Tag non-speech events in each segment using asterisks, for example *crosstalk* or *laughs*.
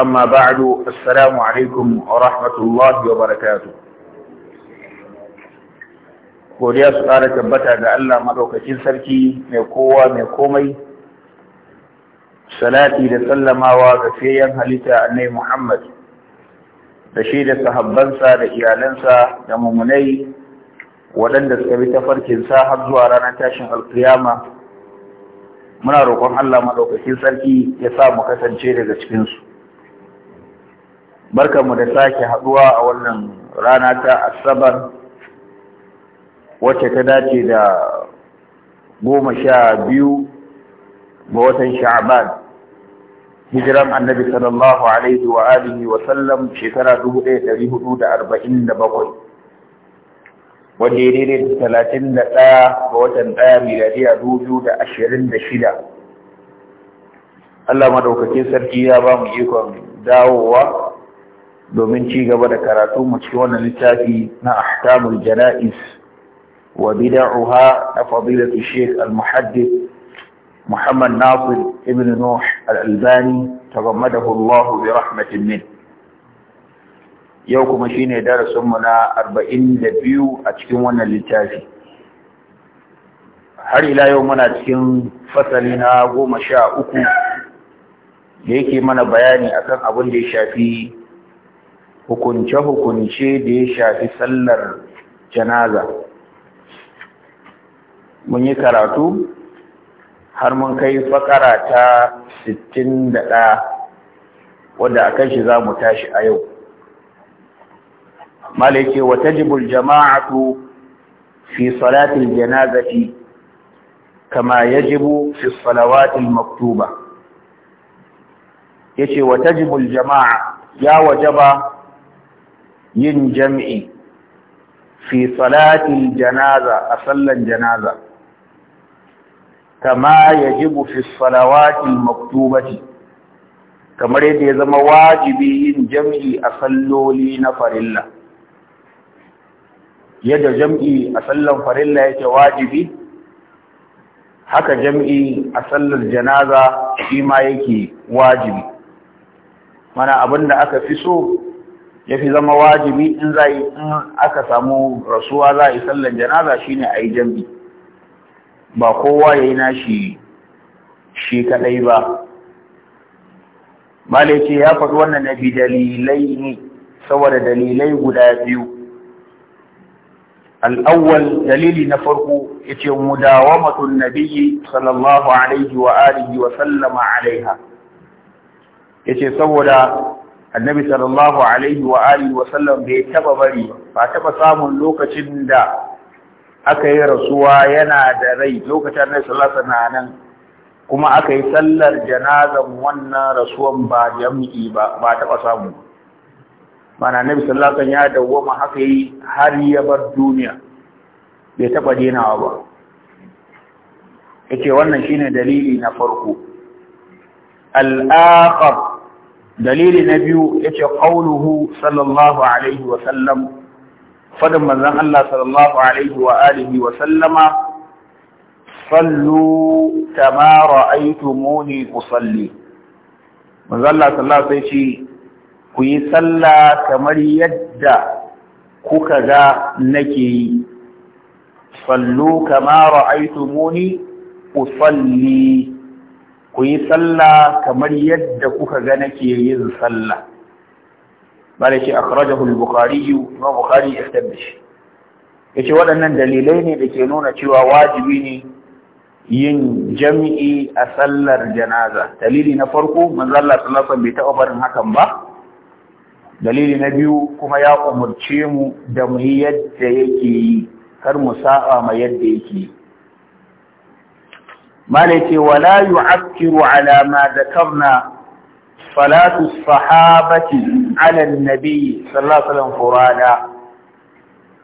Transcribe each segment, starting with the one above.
أما بعد السلام عليكم rahmatullahi wa barakatu. godiya su ƙara tabbata ga Allah maɗaukakin sarki mai kowa mai komai salati da sallamawa ga fiyayyen halitta annai Muhammad da shi da sahabbansa da iyalansa da mummunai waɗanda suka bi sa, har zuwa ranar tashin alkiyama muna roƙon Allah maɗaukakin sarki ya sa mu kasance daga cikinsu barkanmu da sake haɗuwa a wannan rana ta asabar wacce ta dace da goma sha biyu ga watan sha'aban hijiran annabi sallallahu alaihi wa alihi wa sallam shekara dubu ɗaya ɗari hudu da arba'in da bakwai wanda ya daidai da talatin da ɗaya ga watan ɗaya miladiya dubu biyu da ashirin da shida Allah madaukakin sarki ya ba mu ikon dawowa domin ci gaba da karatu mu cikin wannan littafi na ahkamul jana'is wa bid'uha na fadilatu Sheikh al-Muhaddith Muhammad Nasir ibn Nuh al-Albani tagammadahu Allah bi rahmatin min yau kuma shine darasin mu na 42 a cikin wannan littafi har ila yau muna cikin fasali na goma sha uku. da yake mana bayani akan abin da ya shafi hukunce-hukunce da ya shafi sallar janaza mun yi karatu har mun kai fakara ta sittin 61 wadda a kan shi za mu tashi a yau malake wata jibul jama'atu fi salatin janazati kama ya jibu fi salawatin maktuba ya ce wata jibul jama'a ya wajaba yin jam'i fi salatin janaza a sallan janaza kama ya ji fi salawatil maktubati kamar yadda ya zama wajibi yin jam'i a salloli na farilla yadda jam'i a sallan farilla yake wajibi haka jam'i a sallar janaza shi ma yake wajibi mana abinda aka fi so ya fi zama wajibi in za in aka samu rasuwa za a yi sallan janaza shi ne a yi jambi ba kowa ya yi nashi shi kadai ba male ce ya faɗi wannan na bi dalilai ne saboda dalilai guda biyu al'awwal dalili na farko ya ce na nabiyyi sallallahu alaihi wa alihi wa sallama alaiha ya ce saboda annabi sallallahu alaihi wa alihi wa sallam bai taba bari ba taba samun lokacin da aka yi rasuwa yana da rai lokacin annabi sallallahu alaihi wa nan kuma aka yi sallar janazan wannan rasuwan ba jam'i ba ba taba samu mana annabi sallallahu alaihi wa ya dawwama haka yi har ya bar duniya bai taba denawa ba yake wannan shine dalili na farko al-akhar dalili na biyu yace ƙaunuhu, sallallahu alaihi wa sallam fadin manzon Allah sallallahu alaihi wa alihi wa sallama sallu kama ra'aytumuni usalli manzon Allah sallallahu alaihi ce ku yi sallah kamar yadda kuka ga nake yi sallu kamara kama ku salli. ku yi sallah kamar yadda kuka ga nake yin sallah bala shi akhrajahu al ya ma shi. ya ce waɗannan dalilai ne da ke nuna cewa wajibi ne yin jami'i a sallar janaza dalili na farko manzo Allah bai taɓa barin hakan ba dalili na biyu kuma ya umurce mu da mu yi yadda yake yi kar mu sa'a ma yadda yake yi malai ce wala yu'akkiru ala ma zakarna salatu sahabati ala annabi sallallahu alaihi wasallam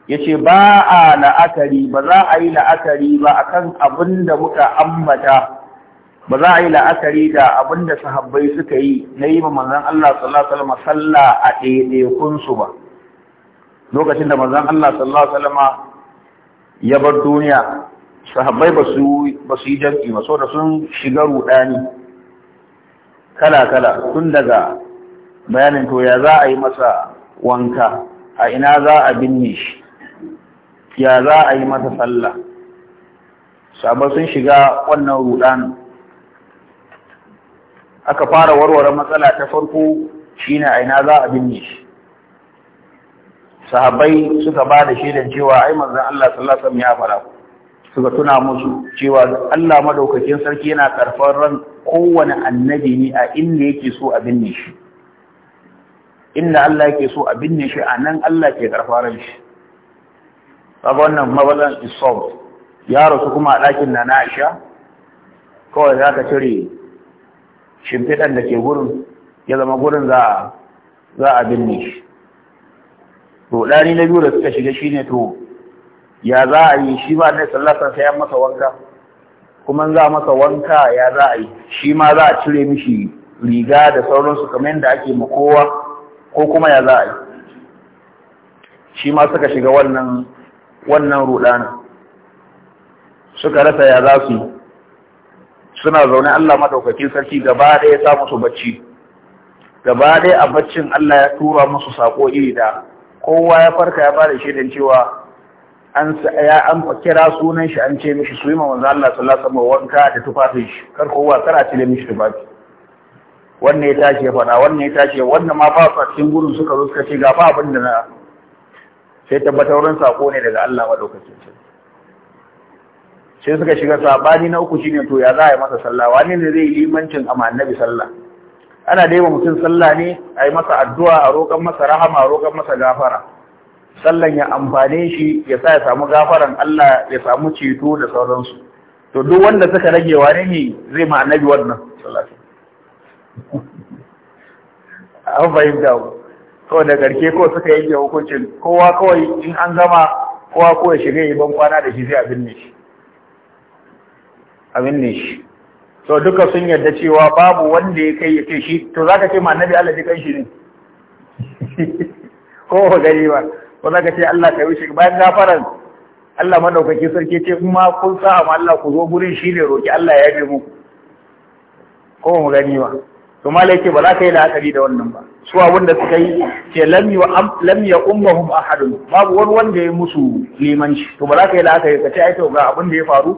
Ya yace ba a la'akari ba za a yi la'akari ba akan abin da muka ambata ba za a yi la'akari da abin da sahabbai suka yi na yi manzan Allah sallallahu alaihi wasallam sallah a ɗaiɗaikun su ba lokacin da manzan Allah sallallahu alaihi wasallam ya bar duniya sahabbai ba su yi jam'i ba da sun shiga rudani kala-kala tun daga bayanin to ya za a yi masa wanka a ina za a binne shi ya za a yi masa sallah sahabbai sun shiga wannan rudanin aka fara warware matsala ta farko ne a ina za a binne shi sahabbai suka ba da shaidan cewa ai zan Allah sallallahu alaihi wasallam ya fara suka tuna musu cewa Allah madaukakin sarki yana karfan ran kowane annabi ne a inda yake so a binne shi inda Allah yake so a binne shi a nan Allah ke karfan ran shi kaga wannan mabalan isob ya rasu kuma a ɗakin na na Aisha kawai za ka cire shimfiɗan da ke gurin ya zama gurin za a binne shi to na biyu da suka shiga shine to ya za a yi shi ba ne sallatan sai ya masa wanka kuma za masa wanka ya za a yi shi ma za a cire mishi riga da sauransu kamar yadda ake ma kowa ko kuma ya za a yi shi ma suka shiga wannan wannan rudana suka rasa ya za su suna zaune Allah madaukakin sarki gaba ɗaya sa musu bacci gaba ɗaya a baccin Allah ya tura musu sako iri da kowa ya farka ya bada shaidan cewa an ya an kira sunan shi an ce mishi su yi ma manzo Allah sallallahu alaihi wasallam wanka da tufafin shi kar ko kar a cire mishi tufafi wannan ya tashi ya fada wannan ya tashi wannan ma ba fa cikin gurin suka zo suka ce ga ba abin da na sai tabbatar wurin sako ne daga Allah lokacin shi. sai suka shiga sabani na uku shine to ya za a yi masa sallah wani ne zai yi limancin a annabi sallah ana dai mutum sallah ne a yi masa addu'a a roƙon masa rahama a roƙon masa gafara sallan ya amfane shi ya sa ya samu gafaran Allah ya samu ceto da sauransu to duk wanda suka rage wane ne zai ma annabi wannan sallallahu *laughs* an fahimta ku kawai da garke ko suka yanke hukuncin kowa kawai in an gama kowa ko ya shiga yi ban kwana da shi sai abin ne shi abin ne shi To duka sun yarda cewa babu wanda ya kai ya ce shi to zaka ce ma annabi Allah ji kanshi ne *laughs* ko ba gani ba ba za ka ce Allah ka yi shi bayan gafaran Allah madaukaki sarki ce in ma kun sa ma Allah ku zo gurin shi ne roki Allah ya yi muku ko mu gani ba to malai ce ba za ka yi la'akari da wannan ba su abin da suka yi ce lam ya ummahum ahadun babu wani wanda ya musu limanci to ba za ka yi la'akari ka ce ai to ga abin da ya faru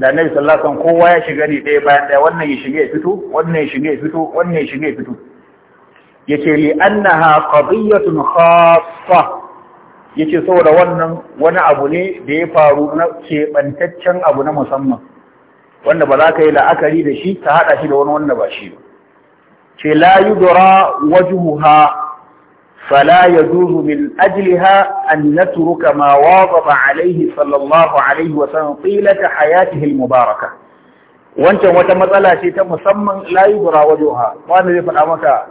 da annabi sallallahu alaihi wasallam kowa ya shiga ne ɗaya bayan ɗaya wannan ya shiga ya fito wannan ya shiga ya fito wannan ya shiga ya fito yace li annaha qadiyatun khassa yace saboda wannan wani abu ne da ya faru na keɓantaccen abu na musamman wanda ba za ka yi la'akari da shi ta haɗa shi da wani wanda ba shi ba ce la yudra wajhuha فلا يجوز من أجلها أن نترك ما Alayhi sallallahu صلى wa sallam, وسلم طيلة حياته المباركة wancan wata matsala ce ta musamman layi bura wajoha wanda zai faɗa maka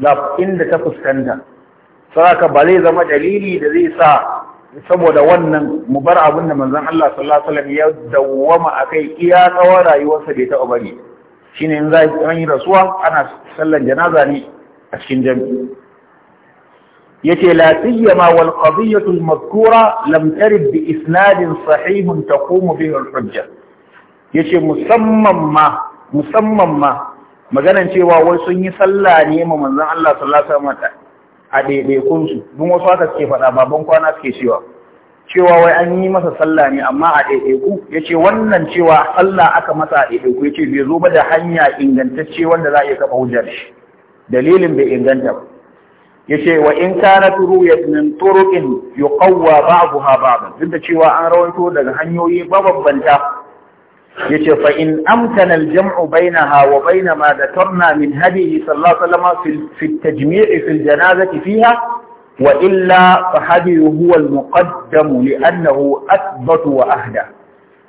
lab inda ta fuskanta saraka ba zai zama dalili da zai sa saboda wannan mu bar abin da manzon Allah sallallahu alaihi wasallam ya dawwama akai iya tsawon rayuwarsa bai taɓa bari shine in za yi rasuwa ana sallan janaza ne a cikin jami'i yace la siyama wal qadiyatu al mazkura lam tarid bi isnadin sahihun taqumu bihi al hujja ce, musamman ma musamman ma maganan cewa wai sun yi sallah ne ma manzan Allah sallallahu alaihi wasallam a ɗaiɗaikunsu dun wasu haka suke faɗa baban kwana suke cewa cewa wai an yi masa sallah ne amma a ɗaiɗaiku ya ce wannan cewa sallah aka masa a ɗaiɗaiku ya ce bai zo ba da hanya ingantacce wanda za a iya kafa hujjar shi dalilin bai inganta ba ya ce wa in kana turu ya min ba yuqawwa ba'daha ba duk da cewa an rawaito daga hanyoyi mabambanta yace fa in amkana al-jam'u bainaha wa bain ma dhakarna min hadihi sallallahu alaihi wasallam fi at fi al fiha wa illa fa hadihi huwa al-muqaddam li'annahu athbat wa ahda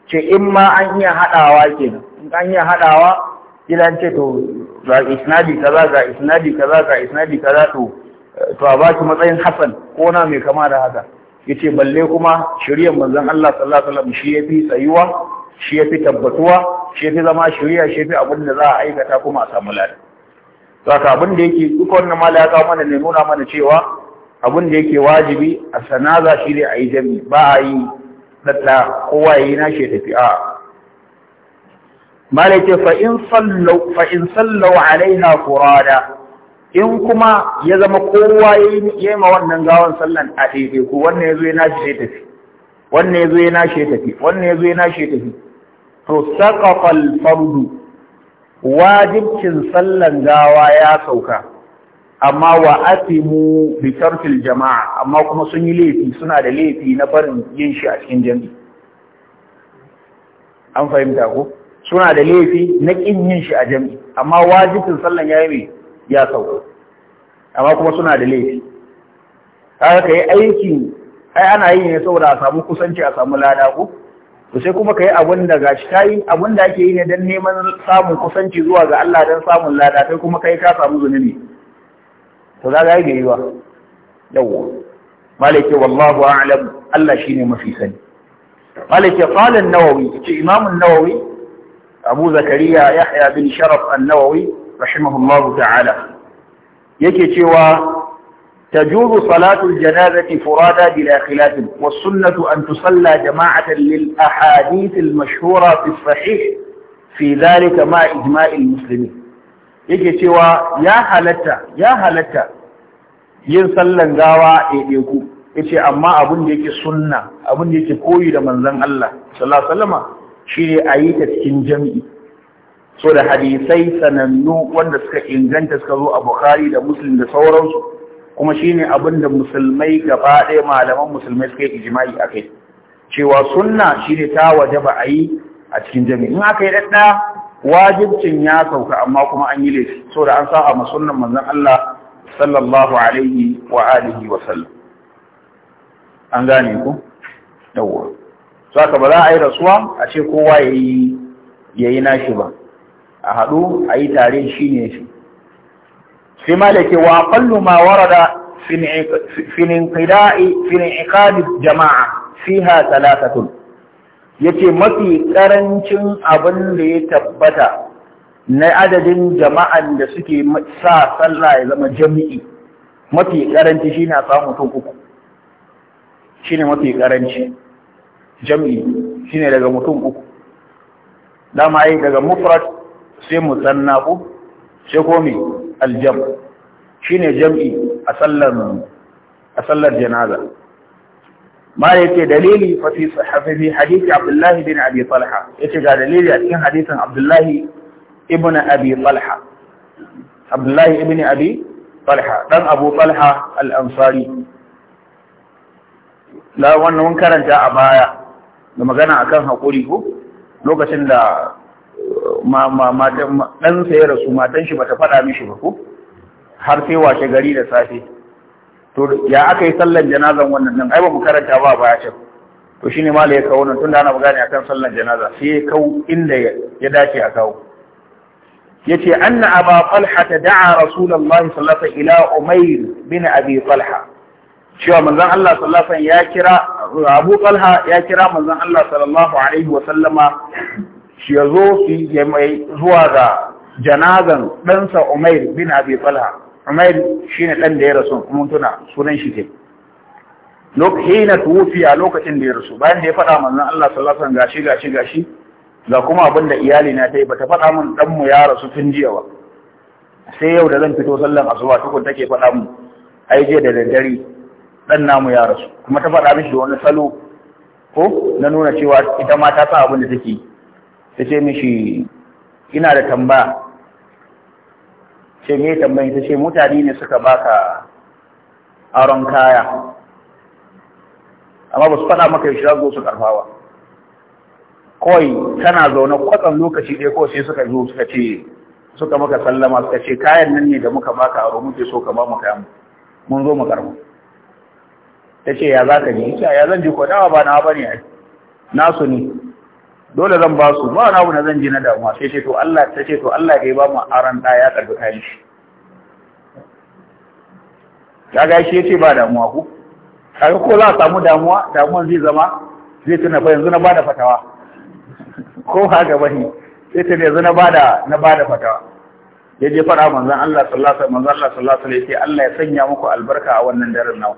ce in ma an iya hadawa kenan an iya hadawa kilan ce to ga isnadi kaza ga isnadi kaza ga isnadi kaza to to a baki matsayin hasan ko na mai kama da haka yace balle kuma shiriyar manzon Allah sallallahu alaihi wasallam shi yafi tsayuwa shi ya fi tabbatuwa shi ya fi zama shirya shi ya fi abin da za a aikata kuma a samu lada saka abin da yake duka wannan mala ya kawo mana ne nuna mana cewa abin da yake wajibi a sanaza shi ne a yi jami ba a yi dadda kowa ya yi na shi tafi a mala ce fa in sallau alaiha furada in kuma ya zama kowa ya yi ma wannan gawan sallan a daidaiku wannan ya zo ya na shi tafi wannan ya zo ya na shi tafi wannan ya zo ya na shi tafi to saqafal fardu wajibcin sallan gawa ya sauka amma wa atimu bi tarkil jama'a amma kuma sun yi laifi suna da laifi na barin yin shi a cikin jami'i an fahimta ko suna da laifi na kin yin shi a jami'i amma wajibin sallan yi ya sauka amma kuma suna da laifi haka kai aiki ai ana yin ne saboda a samu kusanci a samu lada ko to sai kuma ka yi abin da gashi yi abin da ake yi ne don neman samun kusanci zuwa ga Allah don samun lada sai kuma kai ka samu zunubi to za ga yi bai yi ba yawwa malike wallahu a'lam Allah shine mafi sani malike qala nawawi ce imam an-nawawi Abu Zakariya Yahya bin Sharaf an-Nawawi rahimahullahu ta'ala yake cewa Tajuru صلاة الجنازة فرادا Dila خلاف wa Sunnatu تصلى جماعة للأحاديث المشهورة في الصحيح في ذلك مع إجماع المسلمين yake cewa ya halatta ya halatta yin sallan gawa ɗaiɗaiku yace amma abin da yake sunna abin da yake koyi da manzon Allah sallallahu alaihi wasallama shine a yi ta cikin jam'i. so da hadisai sanannu wanda suka inganta suka zo a Bukhari da Muslim da sauransu kuma shine abin da musulmai gaba ɗaya malaman musulmai suka yi a kai. cewa sunna shine ta waje ba a yi a cikin jami'i in aka yi ɗaɗɗa wajibcin ya sauka amma kuma an yi laifi da an sa ma sunnan manzan Allah sallallahu alaihi wa alihi wa sallam an gane ku yawwa aka ba za a yi rasuwa a ce kowa ya yi nashi ba a haɗu a yi tare shi ne shi sai malaki wa aqallu ma warada fi inqida'i fi inqadi jama'a fiha Ya ce mafi karancin abin da ya tabbata na adadin jama'an da suke sa sallah ya zama jami'i mafi karanci shi na samu mutum uku Shi ne mafi karanci jami'i ne daga mutum uku dama ai daga Mufrat sai musanna ko sai ko aljam shi ne jam'i a sallar a sallar janaza ma yake dalili fa fi sahihi hadisi bin abi talha yace ga dalili a cikin hadisin abdullah ibn abi talha Abdullahi ibn abi talha dan abu talha al-ansari wannan mun karanta a baya da magana akan hakuri ko lokacin da Matan ɗansa ya rasu matan shi bata faɗa mishi ba ko har sai washe gari da safe to ya aka yi sallan janazan wannan nan ai ba mu karanta ba baya can to shine mala ya kawo nan tunda ana magana akan sallan janaza sai ya kawo inda ya dace a kawo yace anna aba falha da'a rasulullahi sallallahu alaihi wasallam ila umayr bin abi falha." cewa manzon Allah sallallahu alaihi wasallam ya kira Abu Talha ya kira manzon Allah sallallahu alaihi wasallama shi ya zo ya mai zuwa ga janazan ɗansa Umair bin Abi Talha Umair ne ɗan da ya rasu kuma tuna sunan shi ke hina a lokacin da ya rasu bayan da ya faɗa manzon Allah sallallahu alaihi ga gashi gashi gashi ga kuma abin da iyali na ta yi bata faɗa min ɗan mu ya rasu tun jiya ba sai yau da zan fito sallan asuba tukun take faɗa mu ai je da daddare ɗan namu ya rasu kuma ta faɗa mishi da wani salo ko na nuna cewa ita ma ta sa abin da take yi ta ce mishi ina da tambaya ce mai tambayi ta ce mutane ne suka baka aron kaya amma ba su faɗa maka yaushe za su su karfawa kawai tana zaune kwatsan lokaci ɗaya kawai sai suka zo suka ce suka maka sallama suka ce kayan nan ne da muka baka aro muke so ka ba mu kayan mun zo mu karbu ta ce ya za ka ji ya zan ji ko dawa ba na ba ne na su ne dole zan ba su ba na zan ji na damuwa sai ce to Allah ta ce to Allah ya ba mu aran da ya karbi kayan shi kaga shi yace ba damuwa ku kaga ko za a samu damuwa damuwan zai zama zai tuna fa yanzu na bada fatawa ko haka bane sai ta yanzu na bada na bada fatawa ya je fara manzon Allah sallallahu alaihi wasallam manzon Allah sallallahu alaihi wasallam ya ce Allah ya sanya muku albarka a wannan daren nawa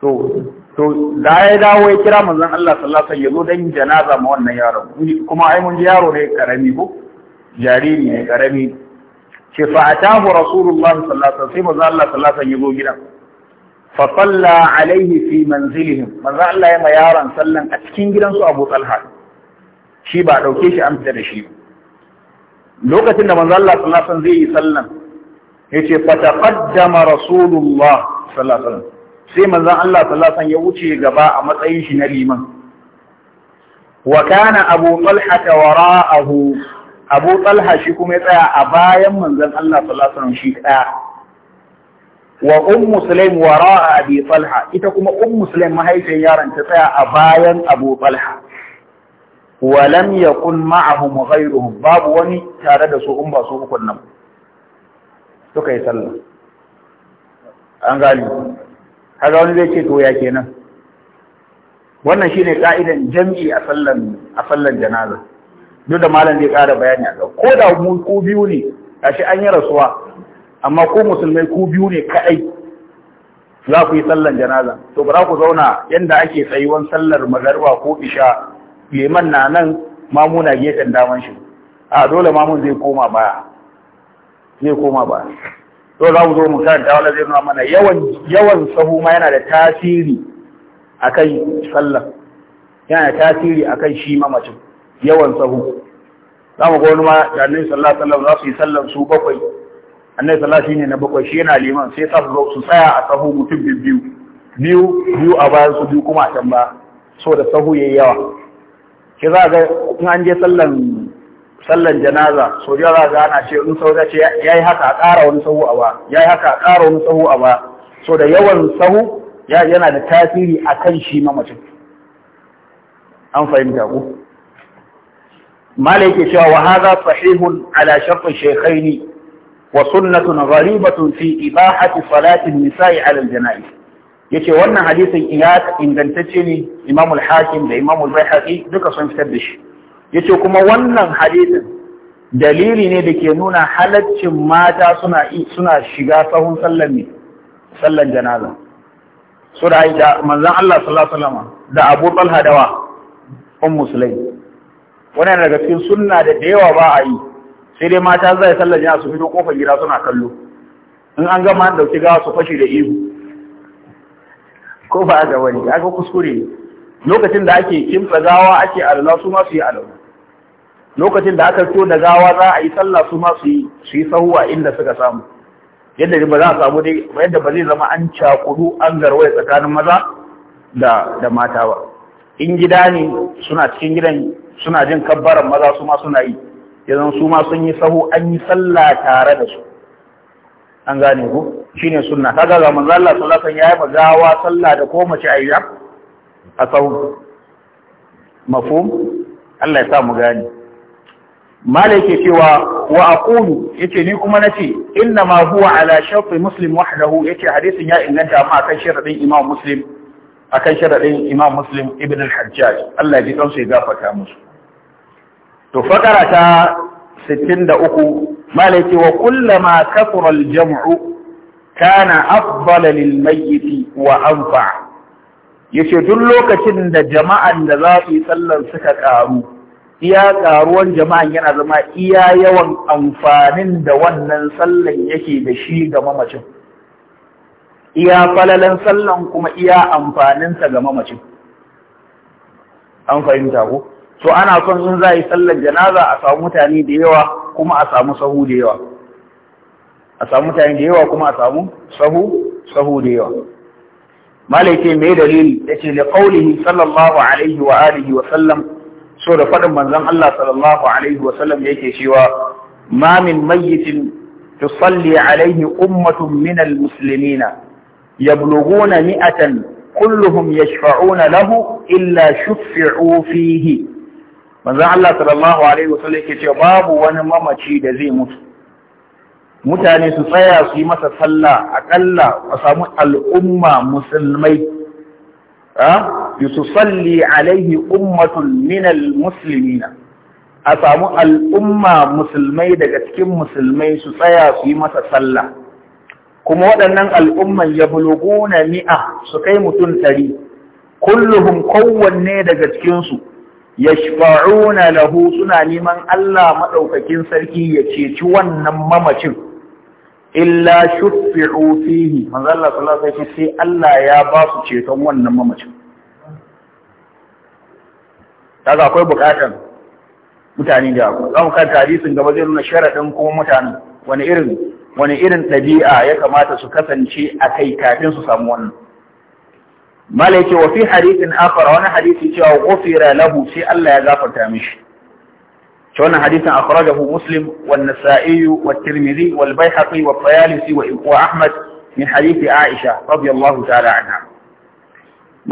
to to da ya dawo ya kira manzon Allah sallallahu alaihi wasallam ya zo dan janaza ma wannan yaron kuma ai mun ji yaro ne karami ko jariri ne karami ce fa atahu rasulullah sallallahu alaihi wasallam sai manzon Allah sallallahu alaihi wasallam ya zo gidan fa salla alaihi fi manzilihim manzon Allah ya ma yaron sallan a cikin gidansu Abu Talha shi ba dauke shi amsa da shi lokacin da manzon Allah sallallahu alaihi wasallam zai yi sallan yace fa taqaddama rasulullah sallallahu alaihi wasallam sai manzan Allah sallallahu alaihi ya wuce gaba a matsayin shi na liman wa kana Abu Talha wara'ahu Abu Talha shi kuma ya tsaya a bayan manzan Allah sallallahu alaihi shi daya wa ummu Sulaim wara'a Abi Talha ita kuma ummu Sulaim mahaifin yaron ta tsaya a bayan Abu Talha wa lam yakun ma'ahum ghayruhum babu wani tare da su in ba su ukun suka yi sallah an gani kaga wani zai ce to ya kenan wannan shine ka'idan jami'i a sallan a sallan janaza duk da malam zai kara bayani a ko da mu ko biyu ne gashi an yi rasuwa amma ko musulmai ko biyu ne kaɗai za ku yi sallan janaza to ba za ku zauna yanda ake tsayuwan sallar magarba ko isha liman na nan mamuna gefen daman shi a dole mamun zai koma baya zai koma baya to za mu zo mu karanta wani zai nuna mana yawan yawan sahu ma yana da tasiri akan sallah yana da tasiri akan shi mamacin yawan sahu za mu ga wani ma da annabi sallallahu alaihi wasallam za su yi sallan su bakwai annabi sallallahu shine na bakwai shi yana liman sai sa su tsaya a sahu mutum biyu biyu biyu a bayan su biyu kuma a can ba so da sahu yayi yawa ke za ga in an je sallan sallan janaza so da za ana ce in sau ce yayi haka a ƙara wani sahu a ba yayi haka a ƙara wani sahu a ba so da yawan sahu yana da tasiri akan shi ma mutum. an fahimta ku مالك شاء وهذا صحيح على شرط الشيخين وسنة غريبة في إباحة صلاة النساء على الجنائز yace wannan hadisin iyat ingantacce ne Imam al-Hakim da Imam al-Baihaqi duka sun fitar da shi yace kuma wannan hadisin dalili ne da ke nuna halaccin mata suna suna shiga sahun sallan ne sallan janaza so da aida manzon Allah sallallahu alaihi wasallam da Abu Talha dawa ummu Sulaim wannan daga cikin sunna da da yawa ba a yi sai dai mata zai sallan janaza su fito kofar gida suna kallo in an gama an dauki gawa su fashi da ihu ko ba ga wani ga kuskure lokacin da ake kimtsa gawa ake alala su ma su yi alala lokacin da aka fito da gawa za a yi sallah su masu su yi su yi sahuwa inda suka samu yadda ba za a samu dai yadda ba zai zama an cakudu an garwai tsakanin maza da mata ba in gida ne suna cikin gidan suna jin kabbaran maza su ma suna yi yanzu su ma sun yi sahu an yi sallah tare da su an gane ku Shi ne sunna ta ga manzo Allah su lasan ya yi gawa sallah da ko mace ayya a sahu mafum Allah ya sa mu gane mala yake cewa wa aqulu yace ni kuma nace inna ma huwa ala shartu muslim wahdahu yace hadisin ya inganta amma akan sharadin imam muslim akan sharadin imam muslim ibn al-hajjaj Allah ya kansa ya gafarta musu to fakara ta 63 mala yake wa kullama kathura al-jam'u kana afdala lil mayyit wa anfa yace duk lokacin da jama'an da za su yi sallar suka karu iya ƙaruwan jama'an yana zama iya yawan amfanin da wannan sallan yake da shi ga mamacin iya falalan sallan kuma iya amfaninsa ga mamacin an fahimta ko so ana son in za a yi sallan janaza a samu mutane da yawa kuma a samu sahu da yawa a samu mutane da yawa kuma a samu sahu sahu da yawa Malaike mai dalili ce, li ƙaunihi sallallahu alaihi wa alihi wa sallam so da faɗin manzon Allah sallallahu alaihi wa sallam yake cewa ma min mayyitin tusalli alaihi ummatun min almuslimina yablughuna mi'atan kulluhum yashfa'una lahu illa shuffi'u fihi manzon Allah sallallahu alaihi wa sallam yake cewa babu wani mamaci da zai mutu mutane su tsaya su yi masa sallah akalla a samu al'umma musulmai ah? yususalli alaihi ummatun minal musulmina. a samu al'umma musulmai daga cikin musulmai su tsaya su yi masa sallah kuma waɗannan al'umman ya buluguna mi'a su kai mutum tari Kullum kowanne daga cikinsu ya shafa'una lahu suna neman Allah maɗaukakin sarki ya ceci wannan mamacin illa shuffi'u fihi manzo Allah sallallahu alaihi sai Allah ya ba su ceton wannan mamacin kaga akwai bukatan mutane da abu za mu kanta hadisin gaba zai nuna sharaɗin kuma mutanen wani irin wani irin ɗabi'a ya kamata su kasance a kai kafin su samu wannan malaike wa fi hadithin akhar wani hadisi cewa ghufira lahu sai Allah ya gafarta mishi to wannan hadisin akhrajahu muslim wan nasa'i wa tirmidhi wal baihaqi wa tayalisi wa ibnu ahmad min hadithi aisha radiyallahu ta'ala anha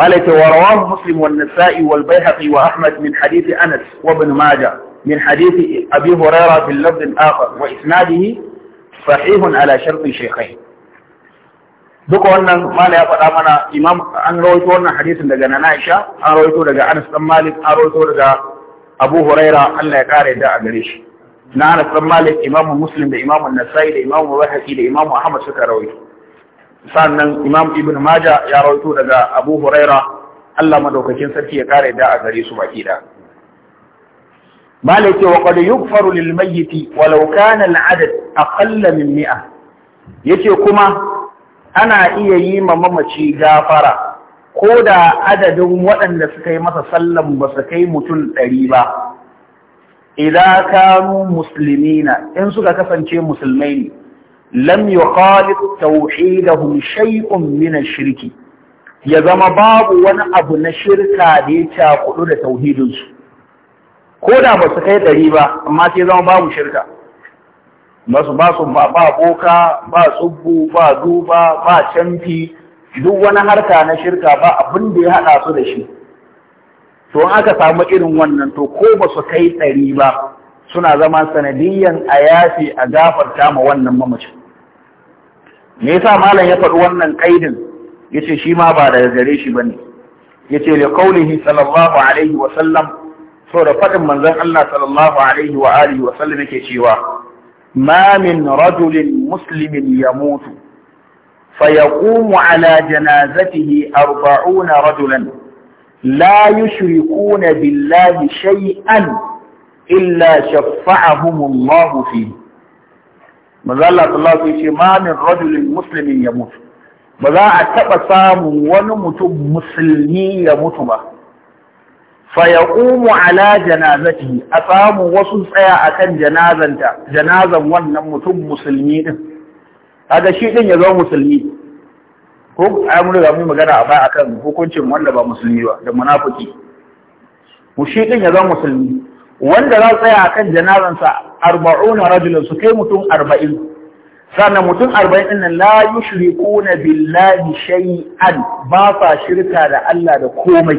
مالك ورواه مسلم والنسائي والبيهقي وأحمد من حديث أنس وابن ماجه من حديث أبي هريرة في اللفظ الآخر وإسناده صحيح على شرط الشيخين duk wannan mala ya faɗa mana imam an rawaito wannan hadisin daga na Aisha an rawaito daga Anas dan Malik an rawaito daga Abu Huraira Allah ya kare da a gare shi na Anas dan Malik imamu Muslim da imamu Nasa'i da imamu Bukhari da imamu Ahmad suka rawaito sannan imam ibn maja ya rawaito daga abu huraira Allah madaukakin sarki ya kare da a gare su baki da malai ce wa qad yughfaru lil mayyit walau kana al adad aqall min mi'a yace kuma ana iya yi ma mamaci gafara ko da adadin waɗanda suka yi masa sallan ba su kai mutum ɗari ba idan kanu muslimina in suka kasance musulmai ne lam yukhalif tauhidahum shay'un min ash-shirki ya zama babu wani abu na shirka da ya cakudu da tauhidinsu ko da ba su kai ɗari ba amma sai zama babu shirka ba su ba su ba boka ba tsubbu ba duba ba canfi duk wani harka na shirka ba abin da ya haɗa su da shi to aka samu irin wannan to ko ba su kai ɗari ba suna zama sanadiyyan a yafi a gafarta ma wannan mamacin me yasa malam ya faɗi wannan kaidin yace shi ma ba daga gare shi bane yace li qawlihi sallallahu alaihi wa sallam so da faɗin manzon Allah sallallahu alaihi wa alihi wa sallam yake cewa ma min rajulin muslimin yamutu فيقوم على جنازته أربعون رجلا لا يشركون بالله شيئا إلا شفعهم الله فيه manzo Allah sallallahu alaihi ce ma min rajulin muslimi ya mutu ba za a taɓa samun wani mutum musulmi ya mutu ba fa umu ala janazati a samu wasu tsaya akan janazanta janazan wannan mutum musulmi din kaga shi din ya zama musulmi ko ai mun riga mun magana a baya akan hukuncin wanda ba musulmi ba da munafiki mu shi din ya zama musulmi wanda za su tsaya a akan janazansa arba'una rajulun su kai mutum arba'in sannan mutum arba'in ɗin nan la na billahi shay'an ba sa shirka da Allah da komai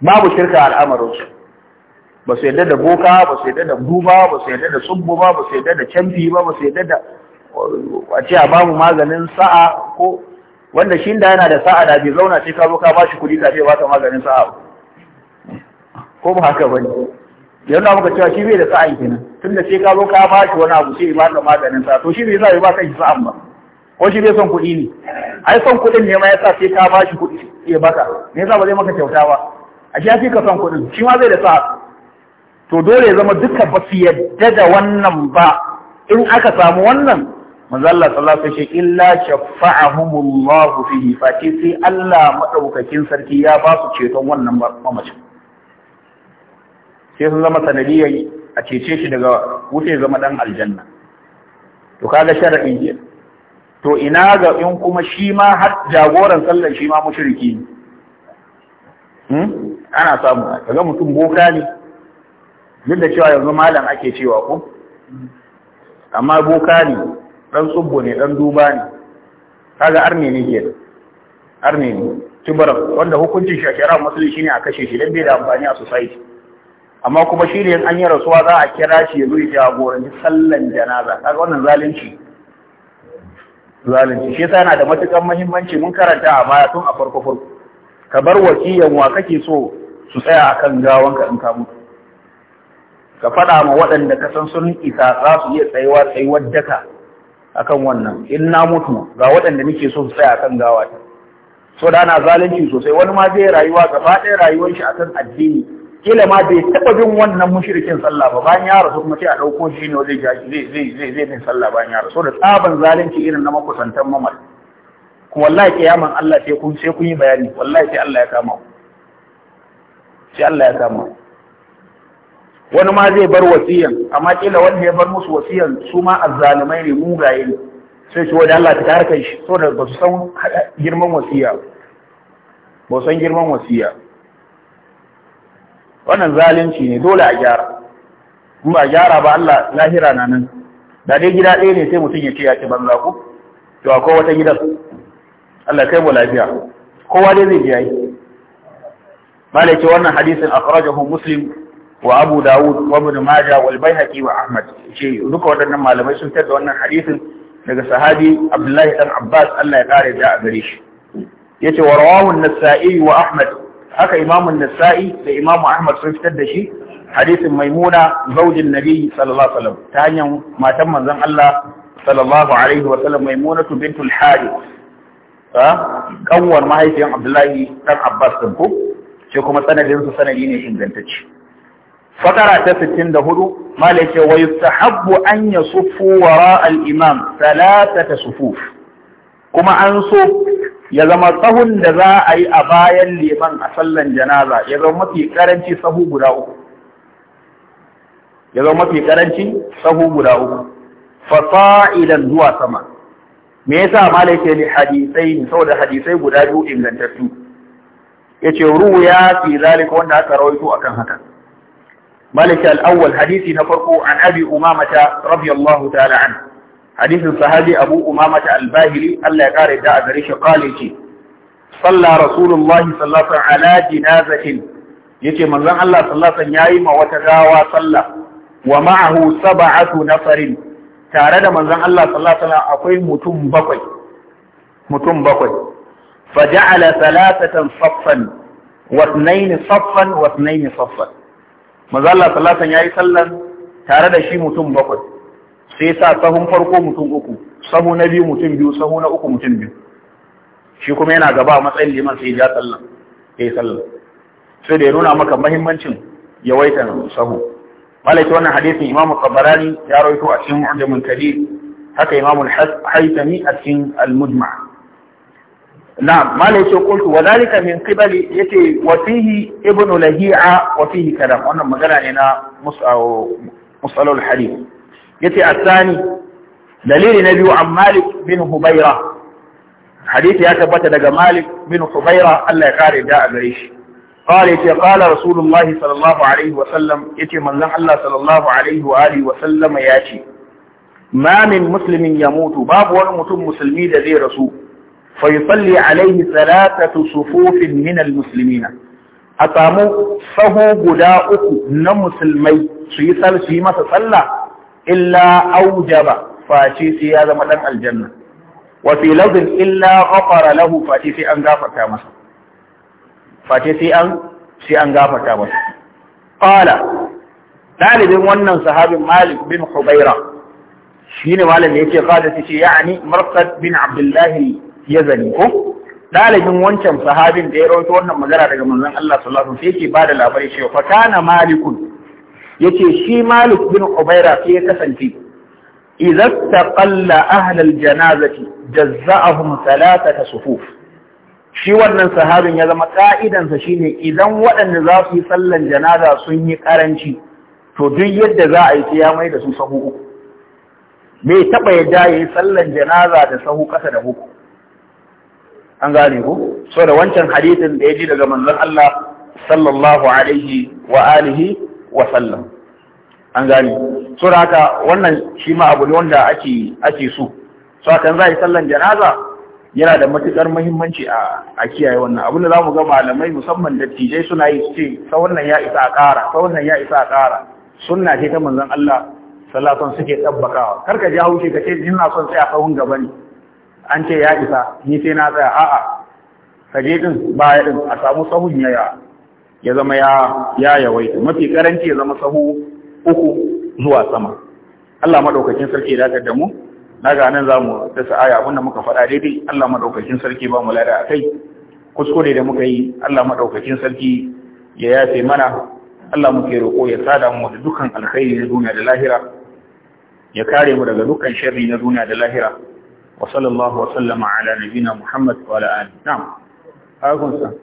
babu shirka al'amarin ba su yadda da boka ba su yadda da duba ba su yadda da tsubbu ba ba su yadda da canfi ba ba su yadda da a ce a babu maganin sa'a ko wanda shi da yana da sa'a da bai zauna sai ka zo ka ba shi kuɗi ka ce ba ka maganin sa'a ba. ko ba haka bane yana muka cewa shi bai da sa'an kenan tunda sai ka zo ka ba shi wani abu sai ba ka maganin sa to shi bai zai ba kan shi sa'an ba ko shi bai son kuɗi ne ai son kuɗin ne ma yasa sai ka ba shi kuɗi ya baka me yasa ba zai maka kyauta ba a shi ya fi ka son kuɗin shi ma zai da sa'a to dole ya zama duka ba su yadda da wannan ba in aka samu wannan manzo Allah sallallahu alaihi wasallam illa shafa'ahumullahu fihi fa sai Allah madaukakin sarki ya ba su ceton wannan mamacin sai sun zama sanadiyar a cece shi daga wuce zama dan aljanna to kaga shar'i ne to ina ga in kuma shi ma har jagoran sallar shi ma mushriki ne hmm? ana samu kaga mutum boka ne duk da cewa yanzu malam ake cewa ko amma boka ne dan tsubbo ne dan duba ne kaga arne ne ke arne ne tubarak wanda hukuncin shakira musulunci ne a kashe shi dan bai da amfani a society amma kuma shi ne an yi rasuwa za a kira shi ya zuwa jagoranci sallan janaza kaga wannan zalunci zalunci shi yasa yana da matukar muhimmanci mun karanta a baya tun a farko farko ka bar wakiyan wa kake so su tsaya akan gawanka in ka mutu ka faɗa ma waɗanda ka san sun isa za su iya tsayuwa tsayuwar daka akan wannan in na mutu ga waɗanda nake so su tsaya akan gawa so da ana zalunci sosai wani ma zai rayuwa gaba ɗaya rayuwar shi akan addini kila ma bai taɓa bin wannan mushrikin sallah ba bayan ya rasu kuma sai a ɗauko shi ne zai zai zai zai bin sallah bayan ya rasu da tsaban zalunci irin na makusantan mamal ku wallahi kiyaman Allah sai kun sai kun yi bayani wallahi sai Allah ya kama ku sai Allah ya kama wani ma zai bar wasiyan amma kila wanda ya bar musu wasiyan su ma azzalumai ne mugaye ne sai shi wanda Allah ta tarkan shi saboda ba su san girman wasiya ba san girman wasiya wannan zalunci ne dole a gyara in ba gyara ba Allah lahira na nan da dai gida ɗaya ne sai mutum ya ce ya ci banza ku to akwai wata gidan Allah kai mu lafiya kowa dai zai biya yi. malai ce wannan hadisin akhrajahu muslim wa abu dawud wa ibn majah wal baihaqi wa ahmad ce duka waɗannan malamai sun tada wannan hadisin daga sahabi abdullahi dan abbas Allah ya kare da a gare shi yace wa rawahu an-nasa'i wa ahmad haka imamun nasa'i da imamu ahmad sun fitar da shi hadisin maimuna zaujin nabi sallallahu alaihi wasallam ta hanyar matan manzon Allah sallallahu alaihi wasallam Maimunatu bintul harith ta kanwar mahaifiyan abdullahi dan abbas din ko ce kuma sanadin su sanadi ne ingantacce fakara ta 64 malai ce wa yustahabbu an yasuffu wara al-imam thalathata sufuf kuma an so ya zama tsahon da za a yi a bayan liman a sallan janaza ya zama mafi karanci sahu guda uku ya zama mafi karanci sahu guda uku fasa'ilan zuwa sama me yasa malai ke li hadisai saboda hadisai guda biyu ingantattu yace ruya fi zalika wanda aka rawaito akan haka malaka al-awwal hadisi na farko an abi umamata radiyallahu ta'ala anhu hadisin sahabi abu umama ta albahiri Allah ya kare da a gare shi kale ce salla rasulullahi sallallahu ala jinazatin yace manzon Allah sallallahu ya yi ma wata gawa salla wa ma'ahu sab'atu nafarin tare da manzon Allah sallallahu alaihi akwai mutum bakwai mutum bakwai faja'ala thalathatan saffan wa ithnayn saffan wa ithnayn saffan manzon Allah sallallahu alaihi yayi sallan tare da shi mutum bakwai sai sa sahun farko mutum uku sahu na biyu mutum biyu sahu na uku mutum biyu shi kuma yana gaba a matsayin liman sai ya sallan ya sallan sai da ya nuna maka mahimmancin ya yawaitan sahu malaita wannan hadisin imam tabarani ya rawaito a cikin ujamul kadir haka imam al-haytami a cikin al-mujma' na'am malaita qultu wa zalika min qibali yake wa fihi ibn lahi'a wa fihi kalam wannan magana ne na musalul hadith yace Sani dalili na biyu a malik bin hubaira hadisi ya tabbata daga malik bin hubaira Allah ya kare da gare shi qala ya qala rasulullah sallallahu alaihi wa sallam yace manzo Allah sallallahu alaihi wa alihi wa sallama yace ma min muslimin babu wani mutum musulmi da zai rasu fa yusalli alaihi thalathatu sufufin min musulmina. a samu saho guda uku na musulmai su yi yi masa sallah illa aujaba face sai ya zama dan aljanna wa fi lafzin illa ghafara lahu face sai an gafarta masa face sai an sai an gafarta masa qala dalibin wannan sahabin Malik bin Hubaira shine malamin yake kada tace yani Marsad bin Abdullah yazani ko dalibin wancan sahabin da ya rawaito wannan magana daga manzon Allah sallallahu alaihi wasallam yake bada labari cewa fa kana malikun yace shi Malik bin Ubaira sai ya kasance idza taqalla ahlal janazati jazza'ahum thalathata sufuf shi wannan sahabin ya zama ƙa'idansa shine idan waɗanda za su yi sallan janaza sun yi karanci to duk yadda za a yi ya mai da su sahu uku bai taɓa yadda ya yi sallan janaza da sahu ƙasa da uku an gane ko. so da wancan hadisin da ya ji daga manzon Allah sallallahu alaihi wa alihi wa sallam an gane so da haka wannan shi ma abu ne wanda ake ake so so haka za sallan janaza yana da matukar muhimmanci a a kiyaye wannan abin da za mu ga malamai musamman dattijai suna yi ce tsawon wannan ya isa a ƙara ta wannan ya isa a ƙara sunna ce ta manzon Allah sallallahu suke tabbakawa kar ka ji haushi ka ce na son sai a kawun gaba ne an ce ya isa ni sai na tsaya a'a ka je din baya din a samu sahun ya ya zama ya ya yawaita mafi karanci ya zama sahu uku zuwa sama Allah madaukakin sarki da da mu na daga nan mu dasa aya abinda muka faɗa daidai Allah madaukakin sarki ba mu lada akai kuskure da muka yi Allah madaukakin sarki ya yafe mana Allah mu ke roƙo ya sa damu da dukkan alkhairi na duniya da lahira ya kare mu daga dukkan sharri na duniya da lahira wa sallallahu wa sallama ala nabina Muhammad wa ala alihi na'am akon